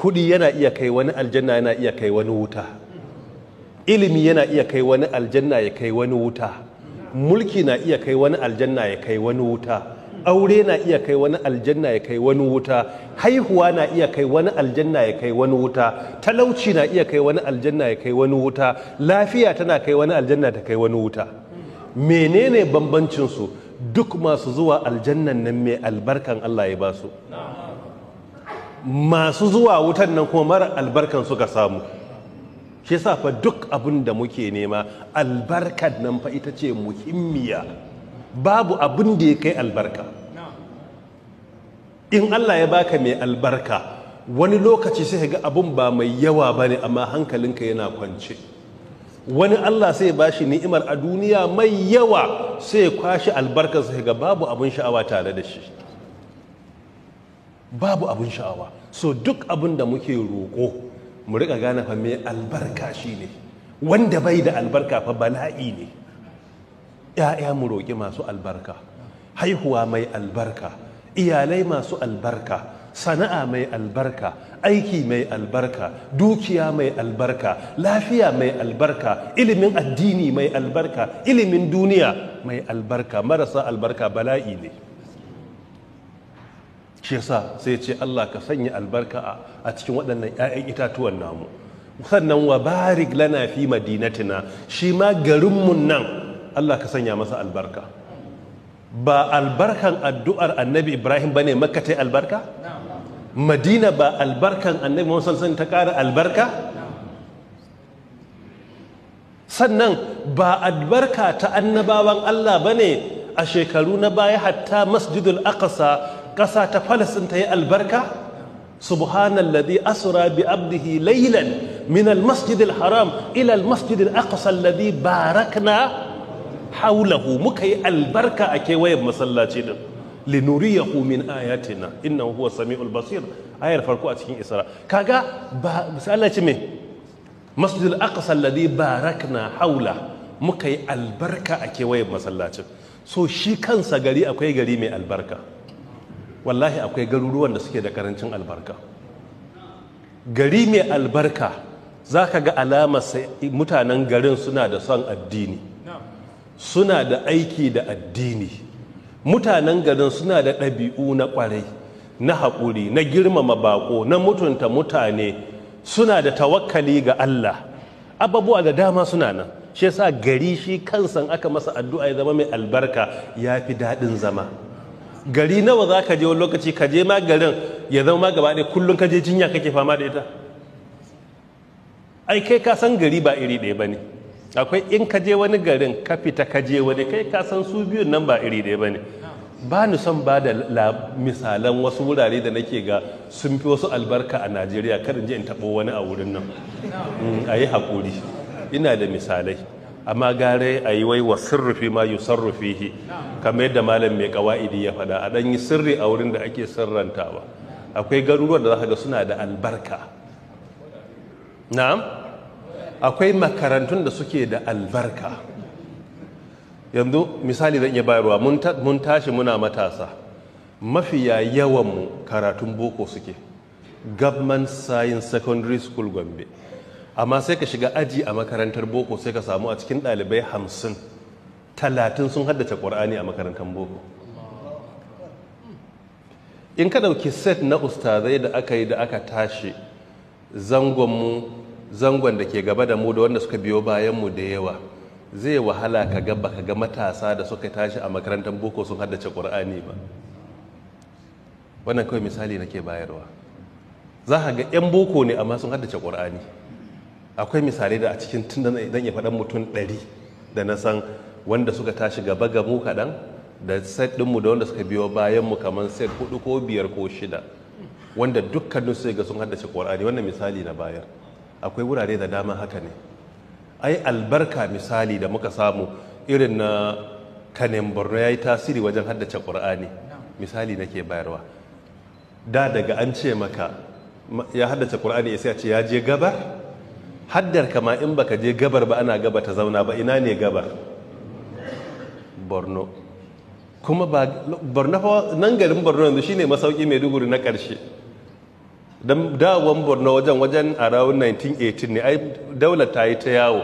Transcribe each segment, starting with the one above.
kudi yana iya kai wani aljanna yana iya kai wani wuta ilimi yana iya kai wani aljanna ya kai wani wuta mulki na iya kai wani aljanna ya kai wani wuta aure na iya kai wani aljanna ya kai wani wuta haihuwa na iya kai wani aljanna ya kai wani wuta talauci na iya kai wani aljanna ya kai wani wuta lafiya tana kai wani aljanna ta kai wani wuta menene bambancinsu duk masu zuwa aljannan nan mai albarkan Allah ya ba su masu zuwa wutan nan kuma mara albarkan suka samu shi yasa fa duk abin da muke nema albarkar nan fa ita ce muhimmiya babu abin da ya kai albarka in Allah ya baka mai albarka wani lokaci sai ga abin ba mai yawa ba ne amma hankalinka yana kwance wani Allah sai ba shi ni'imar a duniya mai yawa sai kwashe albarkar sai ga babu abin sha'awa tare da shi babu abun sha'awa so duk abun da muke roƙo mu riƙa gane fa mai albarka shine wanda bai da albarka fa bala'i ne ‘ya'ya mu roƙi masu albarka haihuwa mai albarka iyalai masu albarka sana'a mai albarka aiki mai albarka dukiya mai albarka lafiya mai albarka ilimin addini mai albarka ilimin duniya mai albarka marasa albarka bala'i ne shi yasa sai ce Allah ka sanya albarka a cikin waɗannan 'ya'yan itatuwan namu sannan wa barik lana fi madinatina shi ma garinmu nan Allah ka sanya masa albarka ba albarkan addu'ar annabi Ibrahim bane makka ta albarka madina ba albarkan annabi musamman ta ƙara albarka sannan ba albarka ta annabawan Allah bane a shekaru na baya hatta masjidul Akasa. ƙasa ta falasin ta yi albarka subhanalladhi asra bi abdihi laylan minal masjidil haram ilal almasjid alaqsa alladhi barakna hawlahu muka yi albarka a kewayen masallaci din ya min ayatina innahu huwa samiul basir ayar farko a cikin isra kaga ba misali ce me masjid barakna haula muka yi albarka a kewayen masallacin so shi kansa gari akwai gari mai albarka wallahi akwai garuruwan da suke da karancin albarka gari mai albarka za ka ga alamar mutanen garin suna da son addini suna da aiki da addini mutanen garin suna da ɗabi'u na ƙwarai na haƙuri na girmama baƙo na mutunta mutane suna da tawakkali ga Allah abubuwa da dama suna nan shi yasa gari shi kansan aka masa addu'a ya zama mai albarka ya fi daɗin zama gari nawa za ka je wani lokaci ka je ma garin ya zama gaba ɗaya kullum ka je jinya kake fama da ita ai kai ka san gari ba iri ɗaya ba ne akwai in ka je wani garin ka fita ka je wani kai ka san su biyun nan ba iri ɗaya ba ne ba ni son ba da misalan wasu wurare da nake ga sun fi wasu albarka a najeriya in je in taɓo wani a wurin nan mm, a yi haƙuri ina da misalai amma gare a yi wai wa sirrufi ma yi sarrufihi kamar yadda malam mai kawa'idi ya faɗa a ɗan yi sirri a wurin da ake sirrantawa akwai garuruwan da za ga suna da albarka na'am akwai makarantun da suke da albarka yanzu misali zan iya bayarwa mun tashi muna matasa mafiya yawanmu karatun boko suke government science secondary school gombe amma sai ka shiga aji a makarantar boko sai ka samu a cikin ɗalibai hamsin talatin sun haddace ƙwar'ani a makarantar boko in ka ɗauki set na ustazai da aka yi da aka tashi zangonmu zangon da ke gaba da mu da wanda suka biyo bayanmu da yawa zai wahala ka ga baka ga matasa da suka tashi a makarantar boko sun haddace ƙur'ani ba wannan kawai misali nake bayarwa za ka ga 'yan boko ne amma sun haddace ƙur'ani akwai misalai da a cikin tun da zan iya faɗan mutum ɗari da na san wanda suka tashi gaba ga mu kaɗan da set ɗinmu da wanda suka biyo bayan mu kamar set hudu ko biyar ko shida wanda dukkanin su ga sun haddace ƙwarari wannan misali na bayar akwai wurare da dama haka ne ai albarka misali da muka samu irin na kanin borno ya yi tasiri wajen haddace ƙwarari misali nake bayarwa da daga an ce maka ya haddace ƙwarari ya sai a ce ya je gabar haddar kama in baka je gabar ba ana gaba ta zauna ba ina ne gabar borno kuma ba borno fa nan garin borno yanzu shine masauki mai maiduguri na karshe dan dawon borno wajen wajen a rawun 1918 ne ai daular ta yi ta yawo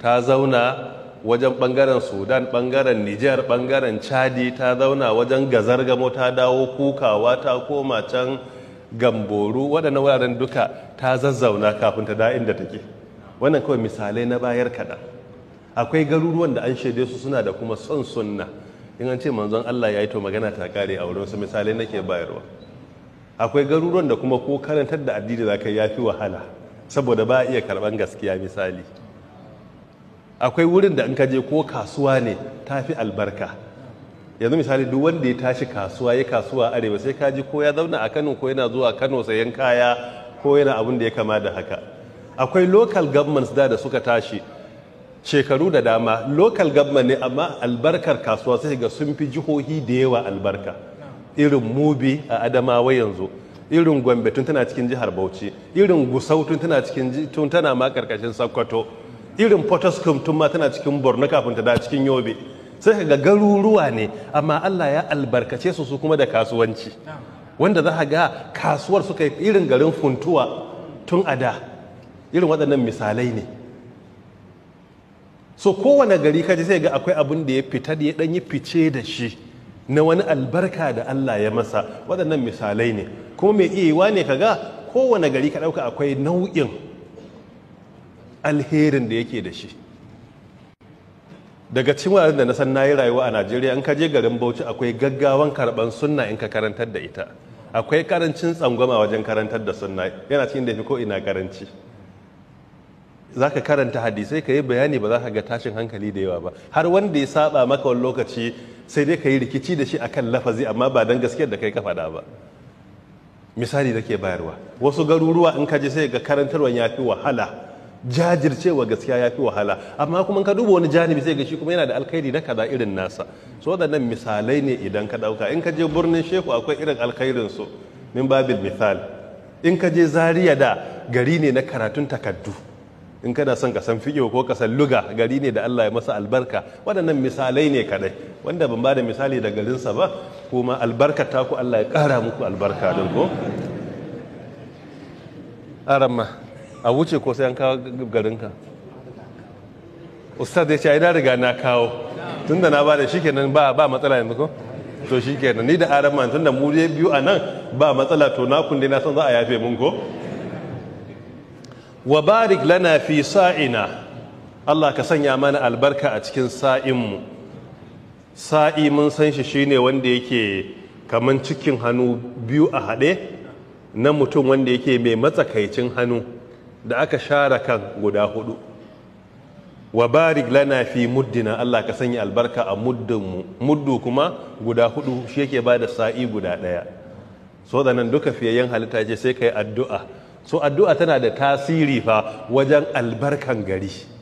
ta zauna wajen bangaren sudan bangaren niger bangaren chadi ta zauna wajen gazar gamo ta dawo kukawa ta koma can gamboru waɗannan wuraren duka ta zazzauna kafin ta da'in da take wannan kawai misalai na bayar kaɗan akwai garuruwan da an shaide su suna da kuma son sunna in an ce manzon Allah ya yi to magana ta kare a wurin su misalai nake bayarwa akwai garuruwan da kuma ko karantar da addini za ka ya fi wahala saboda ba a iya karɓan gaskiya misali akwai wurin da in ka je ko kasuwa ne ta fi albarka yanzu misali duk wanda ya tashi kasuwa ya kasuwa arewa sai ka ji ko ya zauna a kano ko yana zuwa kano sayan kaya ko yana abin da ya kama da haka akwai local governments da da suka tashi shekaru da dama local government ne amma albarkar kasuwa sai ga sun fi jihohi da yawa albarka irin mubi a adamawa yanzu irin gombe tun tana cikin jihar bauchi irin gusau tun tana cikin tun tana ma karkashin sakkwato irin potoskum tun ma tana cikin borno kafin ta da cikin yobe sai ga garuruwa ne amma Allah ya albarkace su su kuma da kasuwanci wanda za a ga kasuwar suka yi irin garin funtuwa tun a da irin waɗannan misalai ne so kowane gari kaji sai ga akwai abin da ya fita da ya ɗanyi yi fice da shi na wani albarka da Allah ya masa waɗannan misalai ne kuma mai iya ne kaga kowane gari ka ɗauka akwai nau'in alherin da yake da shi daga cikin wuraren da na san nayi rayuwa a Najeriya in ka je garin Bauchi akwai gaggawan karban sunna in ka karantar da ita akwai karancin tsangwama wajen karantar da sunna yana cikin da fi ko ina karanci za ka karanta hadisai ka yi bayani ba za ka ga tashin hankali da yawa ba har wanda ya saba maka wani lokaci sai dai ka yi rikici da shi akan lafazi amma ba dan gaskiyar da kai ka faɗa ba misali da ke bayarwa wasu garuruwa in ka je sai ga karantarwa ya fi wahala jajircewa gaskiya ya fi wahala amma kuma ka duba wani janibi zai gashi kuma yana da alkhairi na kaza irin nasa so da nan misalai ne idan ka dauka in ka je birnin shehu akwai irin alkhairin su min babil misal in ka je zaria da gari ne na karatun takaddu in kana son ka san fiƙo ko ka san luga gari ne da Allah ya masa albarka waɗannan misalai ne kadai wanda ban bada misali da garinsa ba kuma albarka ta ku Allah ya ƙara muku albarka din ko aramma a wuce ko sai an kawo garinka ustaz ya ce ai na riga na kawo tun da na ba da shikenan ba ba matsala yanzu ko to shikenan ni da aran man tun da mu dai biyu a nan ba matsala to na kun dai na san za a yafe mun ko wa barik lana fi sa'ina Allah ka sanya mana albarka a cikin sa'in mu sa'i mun san shi shine wanda yake kaman cikin hannu biyu a haɗe na mutum wanda yake mai matsakaicin hannu da aka share kan guda hudu wa barik lana fi muddina Allah ka sanya albarka a muddinmu muddu kuma guda hudu shi yake ba da sa'i guda daya so da nan duka fiyayyen halitta ce sai ka yi addu'a so addu'a tana da tasiri fa wajen albarkan gari